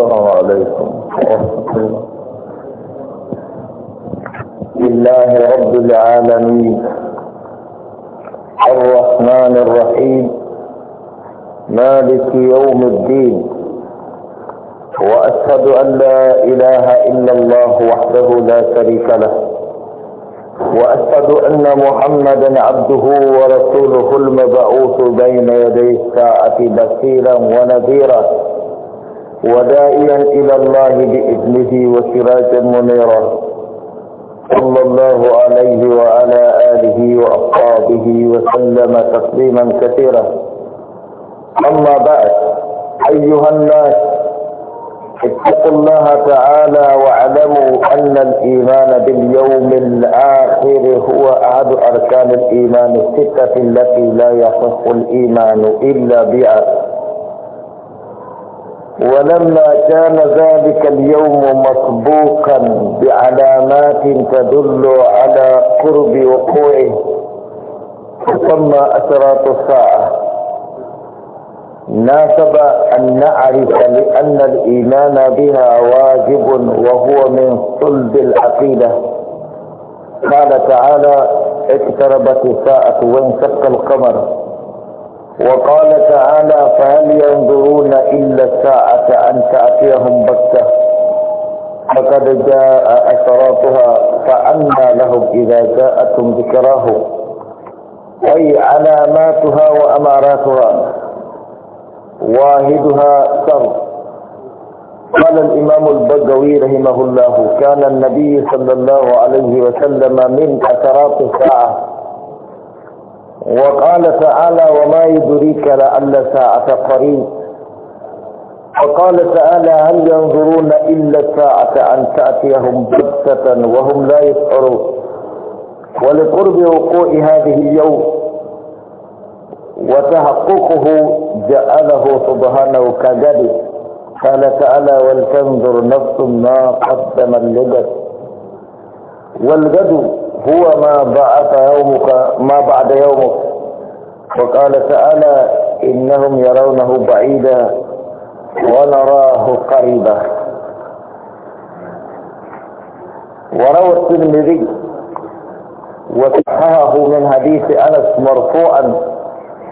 السلام عليكم ورحمة الله لله رب العالمين الرحمن الرحيم مالك يوم الدين وأشهد أن لا إله إلا الله وحده لا شريك له وأشهد أن محمدا عبده ورسوله المبعوث بين يدي الساعة بشيرا ونذيرا ودائيا إلى الله بإذنه وسراجا منيرا صلى الله عليه وعلى آله وأصحابه وسلم تسليما كثيرا أما بعد أيها الناس اتقوا الله تعالى واعلموا أن الإيمان باليوم الآخر هو أحد أركان الإيمان الستة التي لا يصح الإيمان إلا بها ولما كان ذلك اليوم مسبوقا بعلامات تدل على قرب وقوعه تسمى أشراط الساعة ناسب أن نعرف لأن الإيمان بها واجب وهو من صلب العقيدة قال تعالى اقتربت الساعة وانشق القمر وقال تعالى فهل ينظرون إلا الساعة أن تأتيهم بكة فقد جاء أشراطها فأنى لهم إذا جاءتهم ذكراه أي علاماتها وأماراتها واهدها سر قال الإمام البغوي رحمه الله كان النبي صلى الله عليه وسلم من أشراط الساعة وقال تعالى وما يدريك لعل ساعة قريب وقال تعالى هل ينظرون إلا الساعة أن تأتيهم بغتة وهم لا يشعرون ولقرب وقوع هذه اليوم وتحققه جعله سبحانه كذلك قال تعالى ولتنظر نفس ما قدم اللبس والغد هو ما بعث يومك ما بعد يومك وقال تعالى إنهم يرونه بعيدا ونراه قريبا وروى الترمذي وصححه من حديث أنس مرفوعا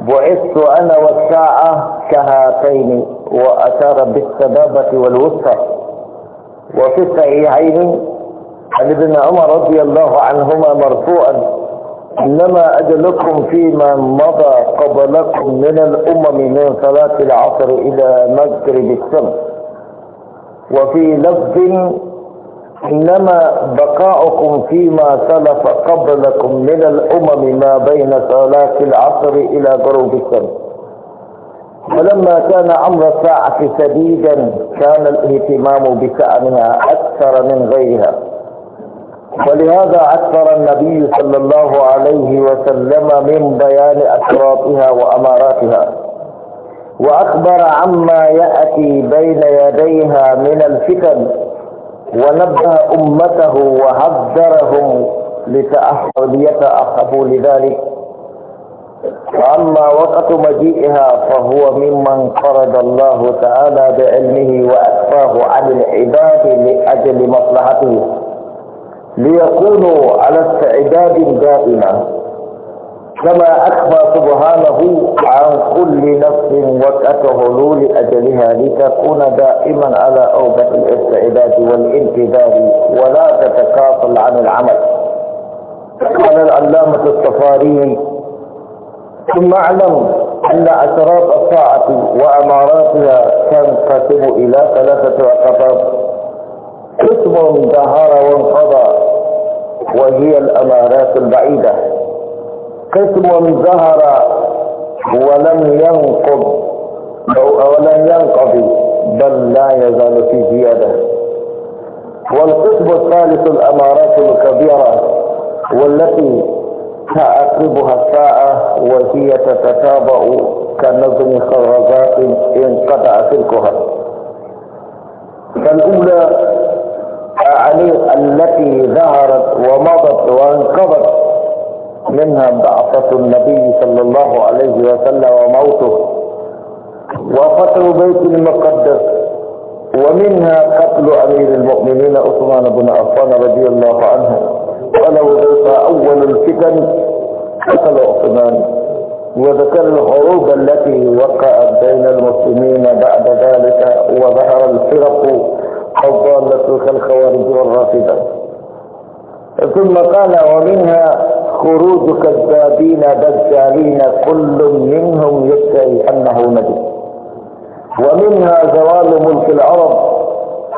بعثت أنا والساعة كهاتين وأشار بالسبابة والوسطى وفي الصحيحين عن ابن عمر رضي الله عنهما مرفوعا إنما أجلكم فيما مضى قبلكم من الأمم من صلاة العصر إلى مغرب الشمس وفي لفظ إنما بقاؤكم فيما سلف قبلكم من الأمم ما بين صلاة العصر إلى غروب الشمس فلما كان أمر الساعة شديدا كان الاهتمام بشأنها أكثر من غيرها ولهذا أكثر النبي صلى الله عليه وسلم من بيان أسرارها وأماراتها وأخبر عما يأتي بين يديها من الفتن ونبه أمته وحذرهم ليتأخذوا لذلك وأما وقت مجيئها فهو ممن قرض الله تعالى بعلمه وأكفاه عن العباد لأجل مصلحته ليكونوا على استعداد دائمة كما أخفى سبحانه عن كل نفس وقت حلول أجلها لتكون دائما على أوبة الاستعداد والانتظار ولا تتكاطل عن العمل قال العلامة الصفاري ثم اعلم أن اشراف الساعة وأماراتها تنقسم إلى ثلاثة أقطاب قسم ظهر وانقضى وهي الأمارات البعيدة قسم ظهر ولم ينقض ولم ينقضي بل لا يزال في زيادة والقسم الثالث الأمارات الكبيرة والتي تعقبها الساعة وهي تتتابع كنظم خرزات انقطع سلكها فالأولى عليه التي ظهرت ومضت وانقضت منها بعثة النبي صلى الله عليه وسلم وموته وفتح بيت المقدس ومنها قتل أمير المؤمنين عثمان بن عفان رضي الله عنه ولو ذكر أول الفتن قتل عثمان وذكر الحروب التي وقعت بين المسلمين بعد ذلك وظهر الفرق الضالة كالخوارج والرافضة ثم قال ومنها خروج كذابين دجالين كل منهم يدعي أنه نبي ومنها زوال ملك العرب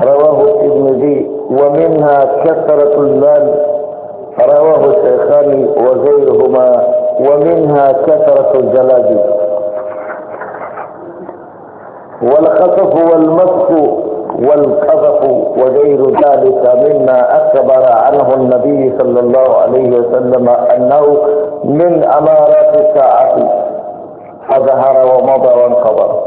رواه الترمذي ومنها كثرة المال رواه الشيخان وغيرهما ومنها كثرة الجلاجل والخطف والمسك والقذف وغير ذلك مما أخبر عنه النبي صلى الله عليه وسلم أنه من أمارات الساعة فظهر ومضى وانقضى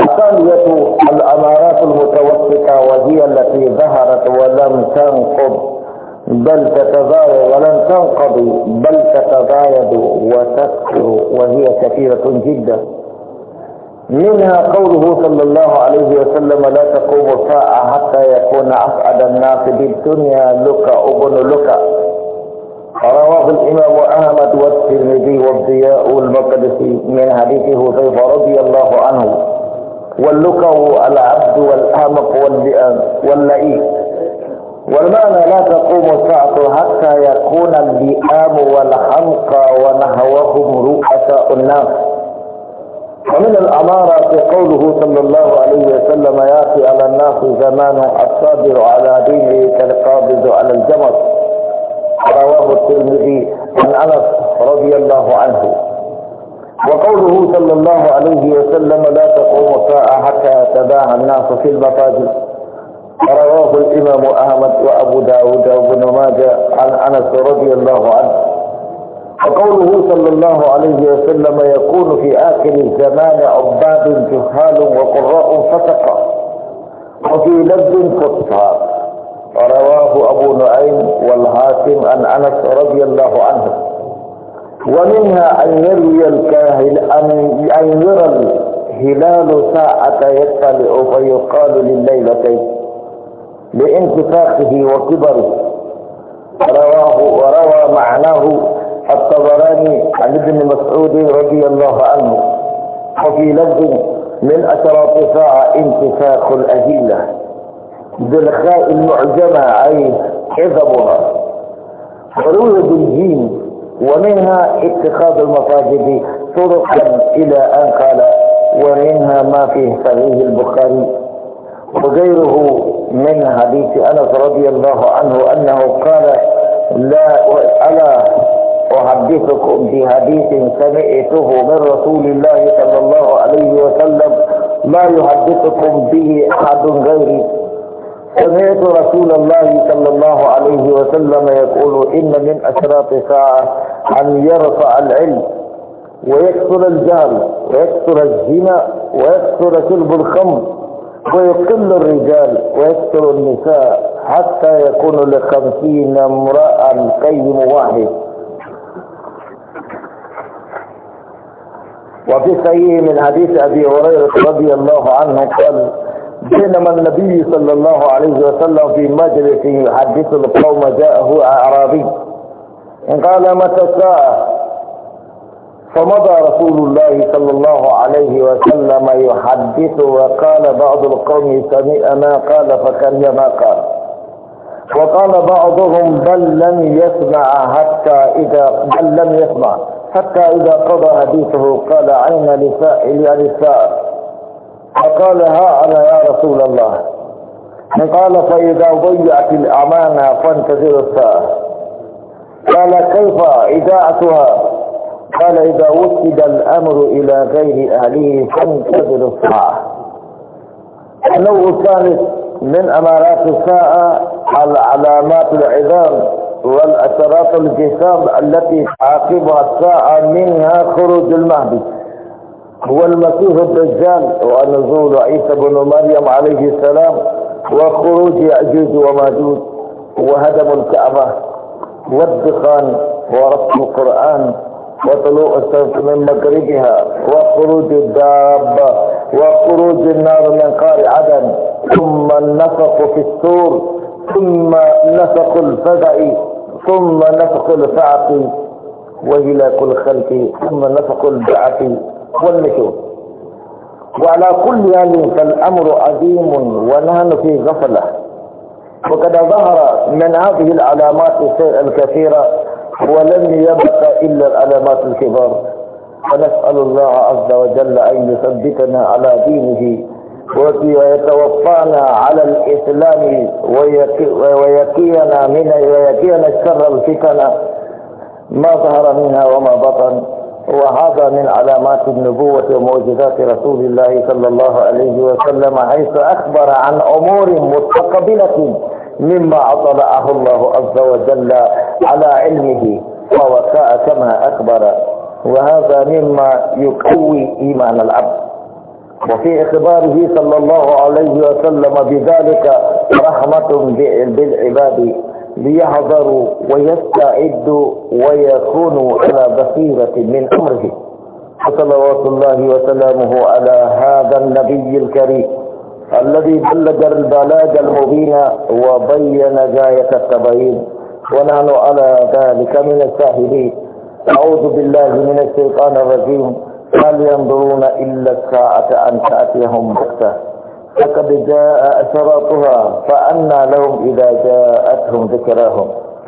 الثانية الأمارات المتوسطة وهي التي ظهرت ولم تنقض بل تتزايد ولم تنقضي بل تتزايد وتكثر وهي كثيرة جدا منها قوله صلى الله عليه وسلم لا تقوم الساعة حتى يكون أسعد الناس بالدنيا لك ابن لك رواه الإمام أحمد والترمذي والضياء المقدسي من حديث حذيفة رضي الله عنه واللقاء العبد والأمق واللئام واللئيم والمعنى لا تقوم الساعة حتى يكون اللئام والحمقى ونحوهم رؤساء الناس ومن الأمارة قوله صلى الله عليه وسلم يأتي على الناس زمان الصابر على دينه كالقابض على الجمر رواه الترمذي عن أنس رضي الله عنه وقوله صلى الله عليه وسلم لا تقوم ساعة حتى يتباهى الناس في المفاجر رواه الإمام أحمد وأبو داود وابن ماجه عن أنس رضي الله عنه فقوله صلى الله عليه وسلم يكون في آخر الزمان عباد جهال وقراء فتقى وفي لفظ فتقى رواه أبو نعيم والحاكم عن أنس رضي الله عنه ومنها أن يروي الكاهل أن, أن يرى الهلال ساعة يطلع فيقال لليلتين لانتفاخه وكبره رواه وروى معناه الطبراني عن ابن مسعود رضي الله عنه وفي لفظ من اشراف ساعة انتفاخ الأدلة بالخاء المعجمة أي حذبها وروي بالجيم ومنها اتخاذ المساجد طرقا إلى أن قال ومنها ما في صحيح البخاري وغيره من حديث أنس رضي الله عنه أنه قال لا ألا أحدثكم بحديث سمعته من رسول الله صلى الله عليه وسلم لا يحدثكم به أحد غيري سمعت رسول الله صلى الله عليه وسلم يقول إن من أشراط ساعة أن يرفع العلم ويكثر الجهل ويكثر الزنا ويكثر شرب الخمر ويقل الرجال ويكثر النساء حتى يكون لخمسين امرأ قيم واحد وفي صحيح من حديث أبي هريرة رضي الله عنه قال بينما النبي صلى الله عليه وسلم في مجلس يحدث القوم جاءه أعرابي قال متى الساعة فمضى رسول الله صلى الله عليه وسلم يحدث وقال بعض القوم سمعنا قال ما قال وقال بعضهم بل لم يسمع حتى إذا بل لم يسمع حتى إذا قضى حديثه قال عين لسائل عن السائل فقال ها أنا يا رسول الله قال فإذا ضيعت الأمانة فانتظر الساعة قال كيف إذاعتها قال إذا وكد الأمر إلى غير أهله فانتظر الساعة النوع الثالث من أمارات الساعة على علامات العظام والأثرات الجسام التي تعاقبها الساعة منها خروج المهدي هو المسيح الدجال ونزول عيسى بن مريم عليه السلام وخروج يأجوج وماجوج وهدم الكعبة والدخان ورفع القرآن وطلوع الشمس من مغربها وخروج الدابة وخروج النار من قار عدن ثم النفق في السور ثم نفق الفزع ثم نفق الفعق كل خلق ثم نفق البعث والنشور وعلى كل يعني فالأمر عظيم ونحن في غفلة وقد ظهر من هذه العلامات الكثيرة ولم يبق إلا العلامات الكبار فنسأل الله عز وجل أن يثبتنا على دينه ويتوفانا على الإسلام ويكينا من ويكينا الشر الفتن ما ظهر منها وما بطن وهذا من علامات النبوة ومعجزات رسول الله صلى الله عليه وسلم حيث أخبر عن أمور متقبلة مما أطلعه الله عز وجل على علمه ووقع كما أخبر وهذا مما يقوي إيمان العبد وفي اخباره صلى الله عليه وسلم بذلك رحمة بالعباد ليحذروا ويستعدوا ويكونوا على بصيرة من أمره صلوات الله وسلامه على هذا النبي الكريم الذي بلغ البلاغ المبين وبين غاية التبعين ونحن على ذلك من الساهلين أعوذ بالله من الشيطان الرجيم هل ينظرون إلا الساعة أن تأتيهم بكتة فقد جاء أشراطها فأنى لهم إذا جاءتهم ذكراهم